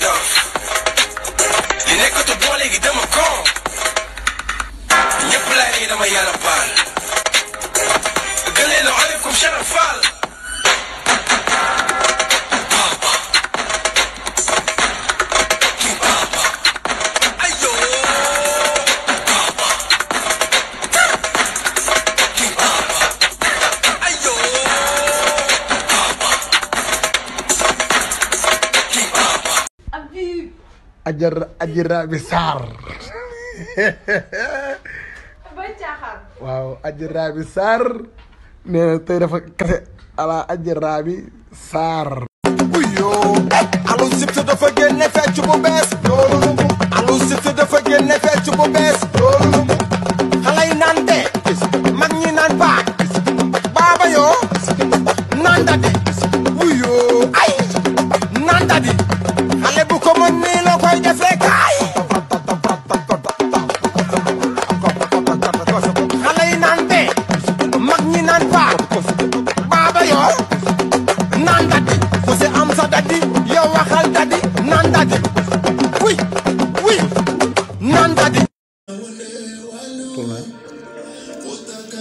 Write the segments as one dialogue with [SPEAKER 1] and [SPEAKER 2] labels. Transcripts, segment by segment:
[SPEAKER 1] dof li nekkatu boo léegi dama kon ñëpp laa nii dama yàlla baal gënee la oyof comme Cheikh Fall ajara ajira bi saar. bañ caaxaan. waaw ajira bi saar nee na tey dafa kase ala ajira bi saar. yoo Alou Shift dafa génne fecc bu bees. loolu lu mu. Alou Shift dafa génne fecc bu bees. loolu lu mu. xale yi naan de. mag ñi naan baag. baaba yoo. naan dadi. wuyoo ay. naan dadi.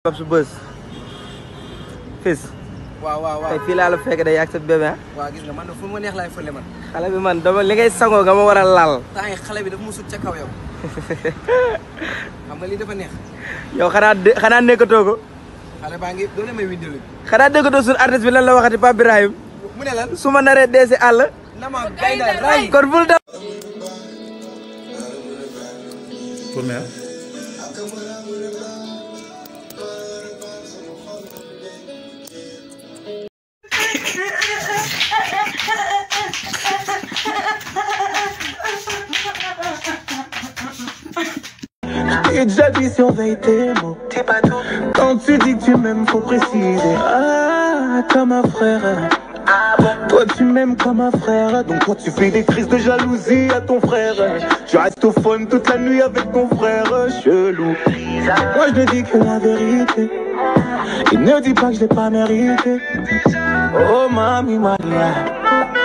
[SPEAKER 1] waaw su bës fis waaw waaw waaw tey fii laa la fekk de yàgg sa bébé ah. waaw gis ma neex laay fële man. xale bi man dama li ngay sangoo nga ma war a laal. xale bi dafa ma sut ca kaw yow. xam nga lii dafa neex. yow xanaa de xanaa nekkatoo ko. xale ngi doole may windeelu bi. xanaa nekkatoo suñu artiste bi lan la waxati Pape Birahim. mu ne lan su ma naree dee si àll. na ma béy na ray kon bul daw. J'ai déjà surveille tes mots. T'es pas tout. Quand dis que tu m'aimes, faut préciser. Ah, comme un frère. Ah bon toi tu m'aimes comme un frère, toi tu fais des crises de jalousie à ton frère. Tu restes au fun toute la nuit avec ton frère, chelou. Moi je ne dis que la vérité. Il ne dit pas que je l'ai pas mérité. Oh mami Maria.